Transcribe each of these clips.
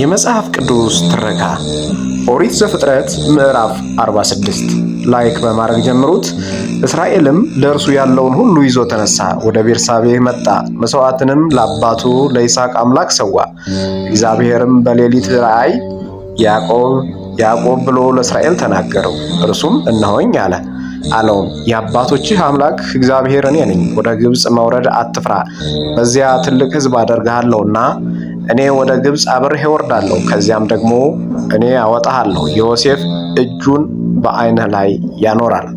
የመጽሐፍ ቅዱስ ትረካ ኦሪት ዘፍጥረት ምዕራፍ 46 ላይክ በማድረግ ጀምሩት። እስራኤልም ለእርሱ ያለውን ሁሉ ይዞ ተነሳ፣ ወደ ቤርሳቤህ መጣ፣ መሥዋዕትንም ለአባቱ ለይስሐቅ አምላክ ሰዋ። እግዚአብሔርም በሌሊት ራእይ ያዕቆብ ያዕቆብ ብሎ ለእስራኤል ተናገረው። እርሱም እነሆኝ አለ አለውም የአባቶችህ አምላክ እግዚአብሔር እኔ ነኝ። ወደ ግብፅ መውረድ አትፍራ፣ በዚያ ትልቅ ሕዝብ አደርግሃለሁና እኔ ወደ ግብፅ አብሬህ እወርዳለሁ፣ ከዚያም ደግሞ እኔ አወጣሃለሁ። ዮሴፍ እጁን በዓይንህ ላይ ያኖራል።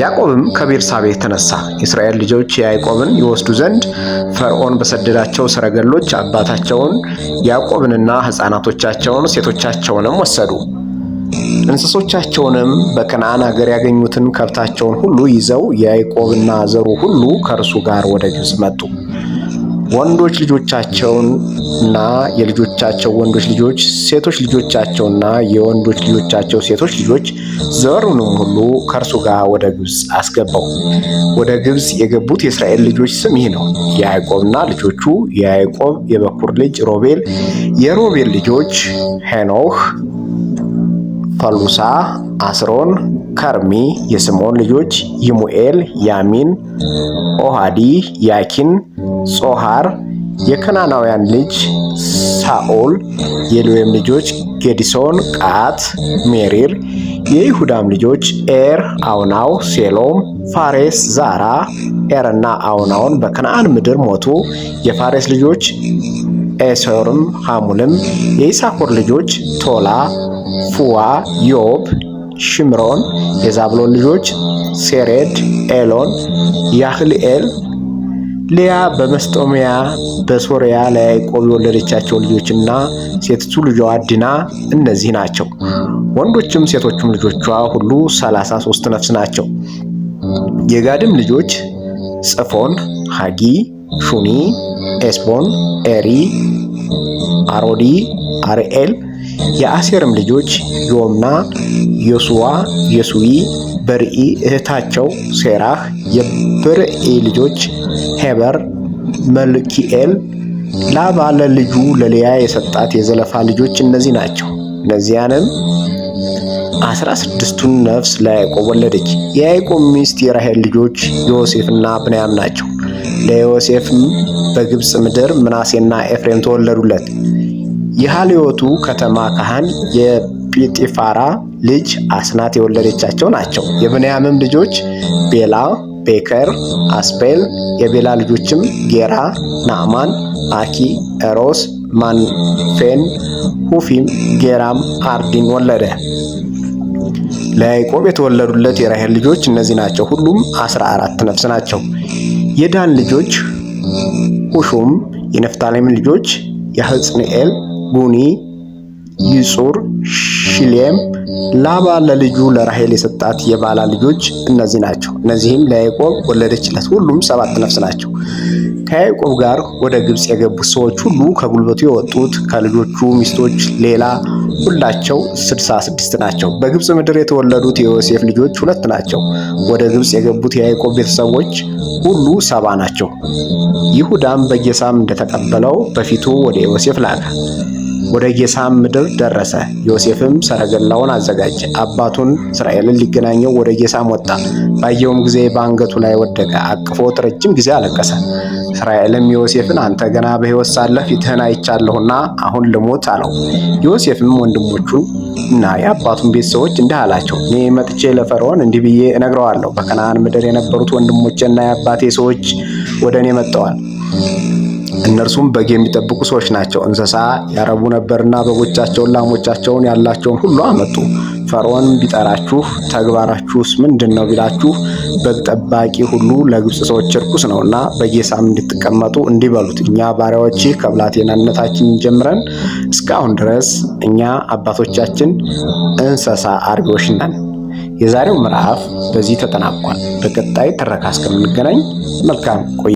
ያዕቆብም ከቤርሳቤ ተነሳ። የእስራኤል ልጆች ያዕቆብን ይወስዱ ዘንድ ፈርዖን በሰደዳቸው ሰረገሎች አባታቸውን ያዕቆብንና ሕፃናቶቻቸውን ሴቶቻቸውንም ወሰዱ። እንስሶቻቸውንም በከነዓን አገር ያገኙትን ከብታቸውን ሁሉ ይዘው ያዕቆብና ዘሩ ሁሉ ከእርሱ ጋር ወደ ግብፅ መጡ። ወንዶች ልጆቻቸውና የልጆቻቸው ወንዶች ልጆች፣ ሴቶች ልጆቻቸውና የወንዶች ልጆቻቸው ሴቶች ልጆች ዘሩንም ሁሉ ከእርሱ ጋር ወደ ግብፅ አስገባው። ወደ ግብፅ የገቡት የእስራኤል ልጆች ስም ይህ ነው። የያዕቆብና ልጆቹ የያዕቆብ የበኩር ልጅ ሮቤል፣ የሮቤል ልጆች ሄኖህ፣ ፈሉሳ፣ አስሮን፣ ከርሚ። የስምዖን ልጆች ይሙኤል፣ ያሚን፣ ኦሃዲ፣ ያኪን ጾሐር፣ የከናናውያን ልጅ ሳኦል፣ የሌዊም ልጆች ጌዲሶን፣ ቃት፣ ሜሪር፣ የይሁዳም ልጆች ኤር፣ አውናው፣ ሴሎም፣ ፋሬስ፣ ዛራ። ኤርና አውናውን በከነአን ምድር ሞቱ። የፋሬስ ልጆች ኤሶርም ሐሙልም፣ የይሳኮር ልጆች ቶላ፣ ፉዋ፣ ዮብ፣ ሽምሮን፣ የዛብሎን ልጆች ሴሬድ፣ ኤሎን፣ ያህልኤል ሊያ በመስጦሚያ በሶሪያ ለያዕቆብ የወለደቻቸው ልጆችና ሴቲቱ ልጇ ዲና እነዚህ ናቸው። ወንዶችም ሴቶችም ልጆቿ ሁሉ ሰላሳ ሶስት ነፍስ ናቸው። የጋድም ልጆች ጽፎን፣ ሃጊ፣ ሹኒ፣ ኤስቦን፣ ኤሪ፣ አሮዲ፣ አርኤል የአሴርም ልጆች ዮምና፣ ዮሱዋ፣ የሱዊ፣ በርኢ እህታቸው ሴራህ፣ የበርኢ ልጆች ሄበር፣ መልኪኤል። ላባ ለልጁ ለልያ የሰጣት የዘለፋ ልጆች እነዚህ ናቸው። እነዚያንም አስራ ስድስቱን ነፍስ ለያዕቆብ ወለደች። የያዕቆብ ሚስት የራሔል ልጆች ዮሴፍና ብንያም ናቸው። ለዮሴፍም በግብፅ ምድር ምናሴና ኤፍሬም ተወለዱለት። የሐልዮቱ ከተማ ካህን የጲጢፋራ ልጅ አስናት የወለደቻቸው ናቸው። የብንያምም ልጆች ቤላ፣ ቤከር፣ አስቤል፣ የቤላ ልጆችም ጌራ፣ ናዕማን፣ አኪ፣ ኤሮስ፣ ማንፌን፣ ሁፊም፣ ጌራም አርዲን ወለደ። ለያዕቆብ የተወለዱለት የራሄል ልጆች እነዚህ ናቸው። ሁሉም አስራ አራት ነፍስ ናቸው። የዳን ልጆች ሁሹም፣ የነፍታሌም ልጆች ያህጽንኤል ጉኒ፣ ይጹር፣ ሽሌም ላባ ለልጁ ለራሄል የሰጣት የባላ ልጆች እነዚህ ናቸው። እነዚህም ለያዕቆብ ወለደችለት። ሁሉም ሰባት ነፍስ ናቸው። ከያዕቆብ ጋር ወደ ግብፅ የገቡት ሰዎች ሁሉ ከጉልበቱ የወጡት ከልጆቹ ሚስቶች ሌላ ሁላቸው ስድሳ ስድስት ናቸው። በግብፅ ምድር የተወለዱት የዮሴፍ ልጆች ሁለት ናቸው። ወደ ግብፅ የገቡት የያዕቆብ ቤተሰቦች ሁሉ ሰባ ናቸው። ይሁዳም በጌሳም እንደተቀበለው በፊቱ ወደ ዮሴፍ ላከ። ወደ ጌሳም ምድር ደረሰ። ዮሴፍም ሰረገላውን አዘጋጀ፣ አባቱን እስራኤልን ሊገናኘው ወደ ጌሳም ወጣ። ባየውም ጊዜ በአንገቱ ላይ ወደቀ፣ አቅፎት ረጅም ጊዜ አለቀሰ። እስራኤልም ዮሴፍን አንተ ገና በሕይወት ሳለህ ፊትህን አይቻለሁና አሁን ልሞት አለው። ዮሴፍም ወንድሞቹን እና የአባቱን ቤተሰቦች እንዲህ አላቸው፣ እኔ መጥቼ ለፈርዖን እንዲህ ብዬ እነግረዋለሁ፣ በከነዓን ምድር የነበሩት ወንድሞቼና የአባቴ ሰዎች ወደ እኔ መጥተዋል እነርሱም በግ የሚጠብቁ ሰዎች ናቸው። እንስሳ ያረቡ ነበርና በጎቻቸውን፣ ላሞቻቸውን፣ ያላቸውን ሁሉ አመጡ። ፈርዖን ቢጠራችሁ ተግባራችሁስ ምንድን ነው ቢላችሁ በግ ጠባቂ ሁሉ ለግብፅ ሰዎች እርኩስ ነውና በጌሳም እንድትቀመጡ እንዲህ በሉት፣ እኛ ባሪያዎች ከብላቴናነታችን ጀምረን እስካሁን ድረስ እኛ አባቶቻችን እንስሳ አርቢዎች ነን። የዛሬው ምዕራፍ በዚህ ተጠናቋል። በቀጣይ ትረካ እስከምንገናኝ መልካም ቆይ